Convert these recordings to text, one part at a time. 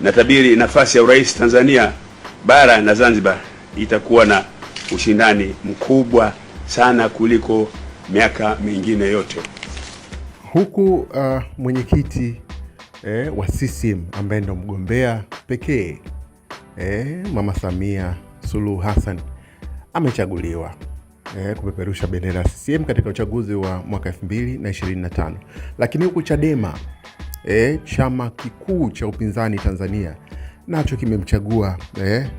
natabiri nafasi ya urais Tanzania bara na Zanzibar itakuwa na ushindani mkubwa sana kuliko miaka mingine yote. Huku uh, mwenyekiti eh, wa CCM ambaye ndo mgombea pekee eh, Mama Samia Suluhu Hassan amechaguliwa eh, kupeperusha bendera ya CCM katika uchaguzi wa mwaka 2025 lakini huku Chadema e, chama kikuu cha upinzani Tanzania nacho kimemchagua e,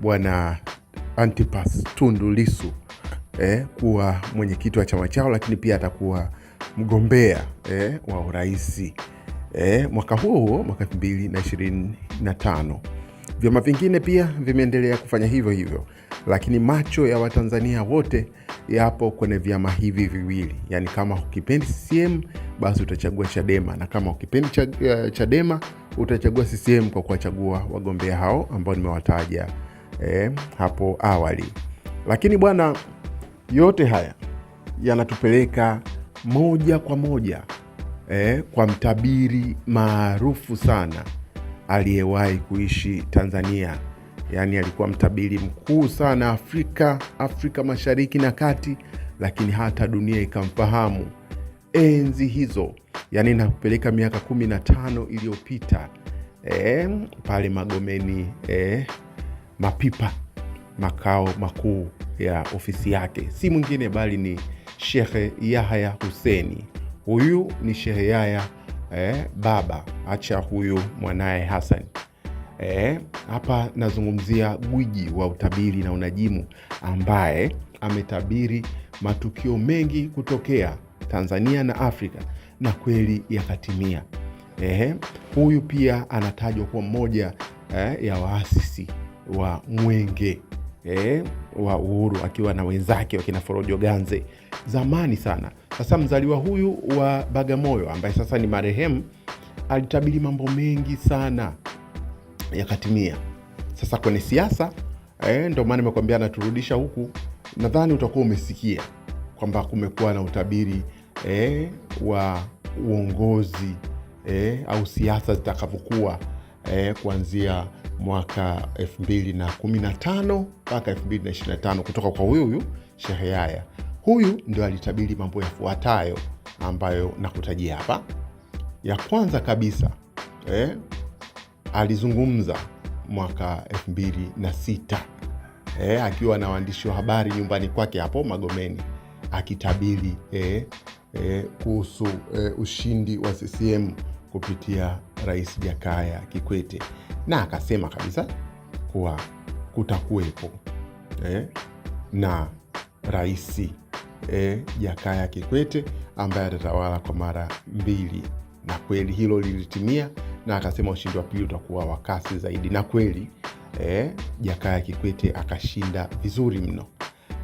bwana Antipas Tundu Lissu e, kuwa mwenyekiti wa chama chao, lakini pia atakuwa mgombea e, wa urais e, mwaka huo huo mwaka 2025. Vyama vingine pia vimeendelea kufanya hivyo hivyo, lakini macho ya Watanzania wote yapo kwenye vyama hivi viwili, yaani kama ukipendi CCM basi utachagua Chadema na kama ukipendi eh, Chadema utachagua CCM kwa kuwachagua wagombea hao ambao nimewataja eh, hapo awali. Lakini bwana, yote haya yanatupeleka moja kwa moja eh, kwa mtabiri maarufu sana aliyewahi kuishi Tanzania. Yaani alikuwa mtabiri mkuu sana Afrika, Afrika Mashariki na Kati, lakini hata dunia ikamfahamu enzi hizo, yaani nakupeleka miaka kumi na tano iliyopita eh, pale Magomeni eh, Mapipa, makao makuu ya ofisi yake, si mwingine bali ni Shekhe Yahya huseni Huyu ni Shekhe Yahya eh, baba acha huyu mwanaye Hassan eh, hapa nazungumzia gwiji wa utabiri na unajimu ambaye ametabiri matukio mengi kutokea Tanzania na Afrika na kweli yakatimia. Eh, huyu pia anatajwa kuwa mmoja eh, ya waasisi wa Mwenge eh, wa uhuru akiwa na wenzake wakina Forojo Ganze zamani sana. Sasa mzaliwa huyu wa Bagamoyo ambaye sasa ni marehemu alitabiri mambo mengi sana yakatimia. Sasa kwenye siasa eh, ndio maana nimekwambia anaturudisha huku. Nadhani utakuwa umesikia kwamba kumekuwa na utabiri eh, wa uongozi eh, au siasa zitakavyokuwa eh, kuanzia mwaka 2015 mpaka 2025 kutoka kwa huyu huyu yaya Huyu ndio alitabiri mambo yafuatayo ambayo nakutajia hapa. Ya kwanza kabisa eh, alizungumza mwaka 2006 eh, akiwa na waandishi wa habari nyumbani kwake hapo Magomeni akitabiri eh, eh, kuhusu eh, ushindi wa CCM kupitia Rais Jakaya Kikwete, na akasema kabisa kuwa kutakuwepo eh, na rais eh, Jakaya Kikwete ambaye atatawala kwa mara mbili, na kweli hilo lilitimia, na akasema ushindi wa pili utakuwa wa kasi zaidi, na kweli eh, Jakaya Kikwete akashinda vizuri mno.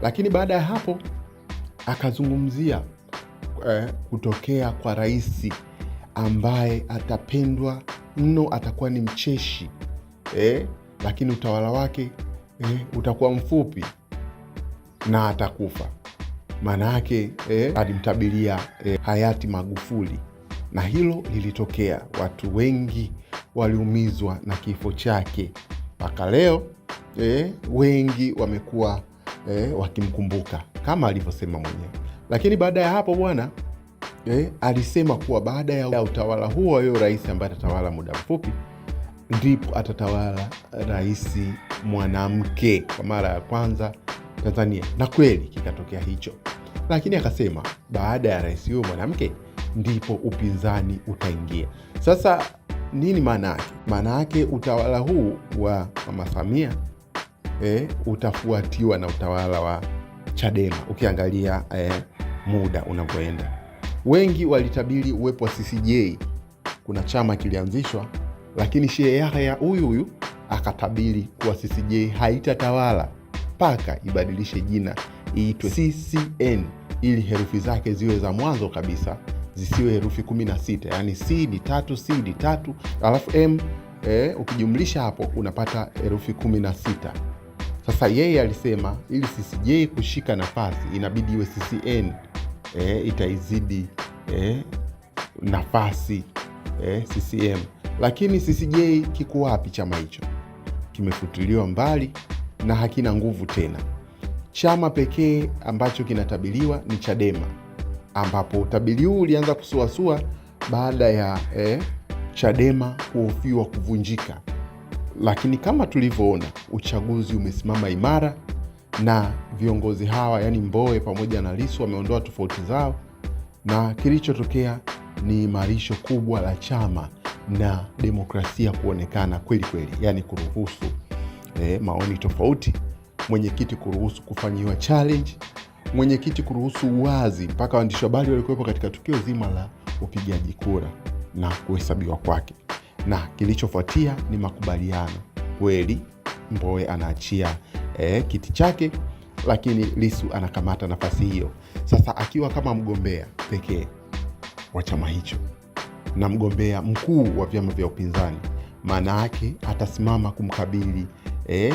Lakini baada ya hapo akazungumzia eh, kutokea kwa raisi ambaye atapendwa mno, atakuwa ni mcheshi eh, lakini utawala wake eh, utakuwa mfupi na atakufa. Maana yake eh, alimtabiria eh, hayati Magufuli, na hilo lilitokea. Watu wengi waliumizwa na kifo chake mpaka leo eh, wengi wamekuwa eh, wakimkumbuka kama alivyosema mwenyewe. Lakini baada ya hapo bwana eh, alisema kuwa baada ya utawala huo wayo rais ambaye atatawala muda mfupi, ndipo atatawala rais mwanamke kwa mara ya kwanza Tanzania, na kweli kikatokea hicho. Lakini akasema baada ya rais huyo mwanamke ndipo upinzani utaingia. Sasa nini maana yake? Maana yake utawala huu wa mama Samia eh, utafuatiwa na utawala wa Chadema ukiangalia eh, muda unavyoenda. Wengi walitabiri uwepo wa CCJ, kuna chama kilianzishwa, lakini Sheikh Yahya huyu huyu akatabiri kuwa CCJ haitatawala mpaka ibadilishe jina iitwe CCN ili herufi zake ziwe za mwanzo kabisa zisiwe herufi 16, yani C ni tatu, C ni tatu, alafu M eh, ukijumlisha hapo unapata herufi 16. Sasa yeye alisema ili CCJ kushika nafasi inabidi iwe CCN eh, itaizidi eh, nafasi eh, CCM. Lakini CCJ kiko wapi? Chama hicho kimefutiliwa mbali na hakina nguvu tena. Chama pekee ambacho kinatabiliwa ni Chadema, ambapo utabiri huu ulianza kusuasua baada ya eh, Chadema kuhofiwa kuvunjika, lakini kama tulivyoona uchaguzi umesimama imara na viongozi hawa, yani Mbowe pamoja na Lissu wameondoa tofauti zao, na kilichotokea ni imarisho kubwa la chama na demokrasia kuonekana kweli kweli, yani kuruhusu eh, maoni tofauti, mwenyekiti kuruhusu kufanyiwa challenge, mwenyekiti kuruhusu uwazi, mpaka waandishi habari walikuwepo katika tukio zima la upigaji kura na kuhesabiwa kwake, na kilichofuatia ni makubaliano kweli. Mbowe anaachia eh, kiti chake, lakini lisu anakamata nafasi hiyo. Sasa akiwa kama mgombea pekee wa chama hicho na mgombea mkuu wa vyama vya upinzani, maana yake atasimama kumkabili eh,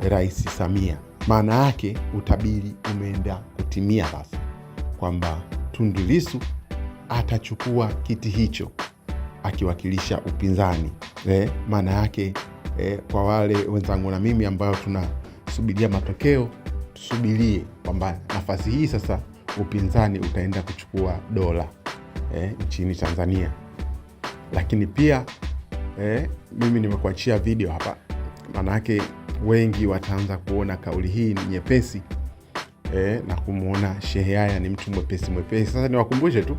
Rais Samia. Maana yake utabiri umeenda kutimia sasa kwamba Tundu lisu atachukua kiti hicho akiwakilisha upinzani eh, maana yake eh, kwa wale wenzangu na mimi ambayo tuna kusubiria matokeo, tusubirie kwamba nafasi hii sasa upinzani utaenda kuchukua dola eh, nchini Tanzania. Lakini pia eh, mimi nimekuachia video hapa, maanake wengi wataanza kuona kauli hii ni nyepesi eh, na kumwona Shehe Yahya ni mtu mwepesi mwepesi. Sasa niwakumbushe tu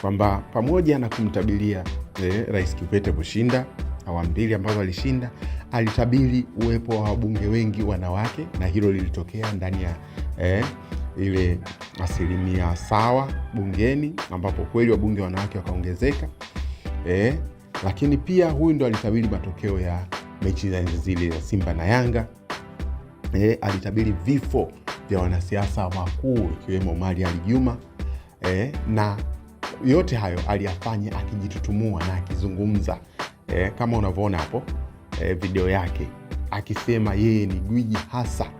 kwamba pamoja na kumtabilia eh, Rais Kikwete kushinda awamu mbili ambazo alishinda alitabiri uwepo wa wabunge wengi wanawake, na hilo lilitokea ndani ya eh, ile asilimia sawa bungeni, ambapo kweli wabunge wanawake wakaongezeka eh, lakini pia huyu ndo alitabiri matokeo ya mechi zile za Simba na Yanga eh, alitabiri vifo vya wanasiasa wakuu ikiwemo Mali Ali Juma eh, na yote hayo aliyafanya akijitutumua na akizungumza eh, kama unavyoona hapo eh, video yake akisema yeye ni gwiji hasa,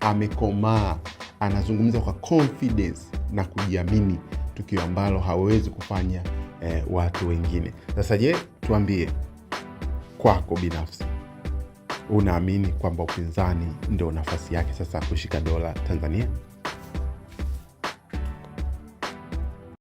amekomaa, anazungumza kwa confidence na kujiamini, tukio ambalo hawezi kufanya eh, watu wengine. Sasa je, tuambie kwako binafsi, unaamini kwamba upinzani ndio nafasi yake sasa kushika dola Tanzania?